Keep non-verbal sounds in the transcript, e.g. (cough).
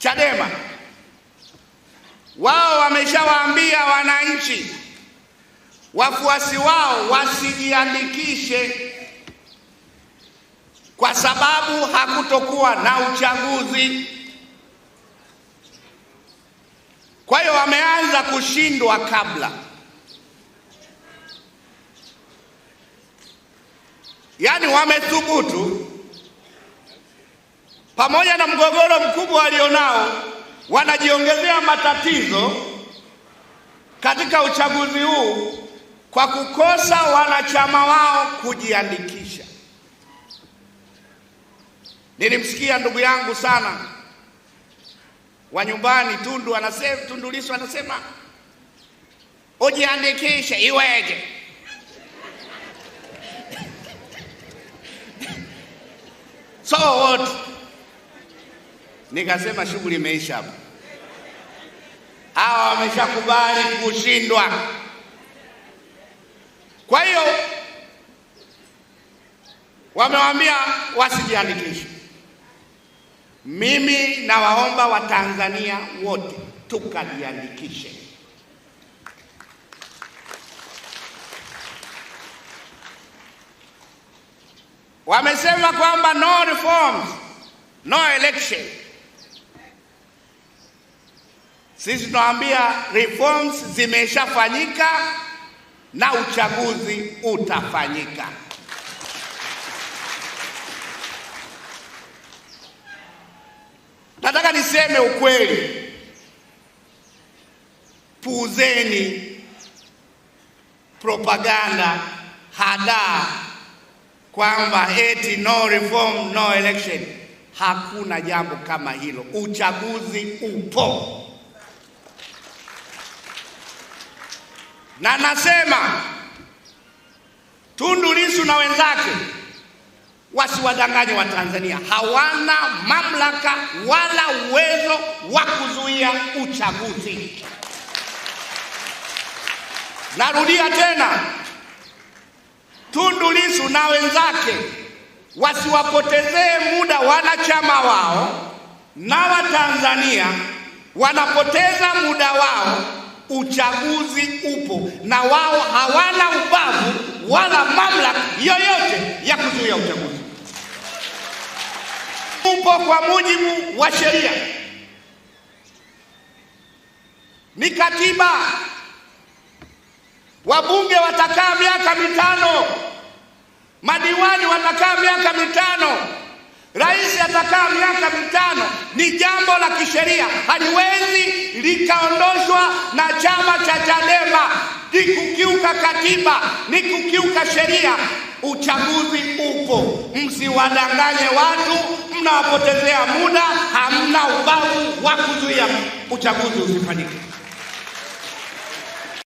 Chadema wao wameshawaambia wananchi wafuasi wao wasijiandikishe kwa sababu hakutokuwa na uchaguzi. Kwa hiyo wameanza kushindwa kabla. Yaani wamethubutu pamoja na mgogoro mkubwa walionao, wanajiongezea matatizo katika uchaguzi huu kwa kukosa wanachama wao kujiandikisha. Nilimsikia ndugu yangu sana wa nyumbani Tundu anasema, Tundu Lissu anasema ujiandikishe, iweje? (laughs) so what nikasema shughuli imeisha hapo. Hawa wameshakubali kushindwa. Kwa hiyo wamewaambia wasijiandikishe. Mimi nawaomba Watanzania wote tukajiandikishe. Wamesema kwamba no reforms, no election. Sisi tunawaambia reforms zimeshafanyika na uchaguzi utafanyika. Nataka niseme ukweli, puuzeni propaganda hadaa kwamba eti no reform no election. Hakuna jambo kama hilo, uchaguzi upo. na nasema Tundu Lissu na wenzake wasiwadanganye Watanzania, hawana mamlaka wala uwezo wa kuzuia uchaguzi. Narudia tena, Tundu Lissu na wenzake wasiwapotezee muda wanachama wao na Watanzania wanapoteza muda wao Uchaguzi upo na wao hawana ubavu wala mamlaka yoyote ya kuzuia uchaguzi. Upo kwa mujibu wa sheria, ni katiba. Wabunge watakaa miaka mitano, madiwani watakaa miaka mitano. Rais atakaa miaka mitano, ni jambo la kisheria, haliwezi likaondoshwa na chama cha Chadema. Ni kukiuka katiba, ni kukiuka sheria. Uchaguzi upo, msiwadanganye watu, mnawapotezea muda, hamna ubavu wa kuzuia uchaguzi usifanyike.